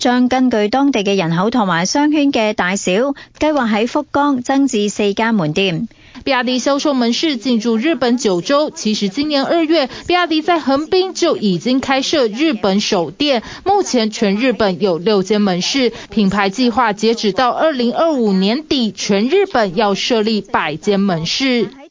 將根據當地嘅人口同埋商圈嘅大小，計劃喺福岡增至四家門店。比亞迪銷售門市進駐日本九州，其實今年二月比亞迪在橫濱就已經開設日本首店，目前全日本有六間門市，品牌計劃截止到二零二五年底，全日本要設立百間門市。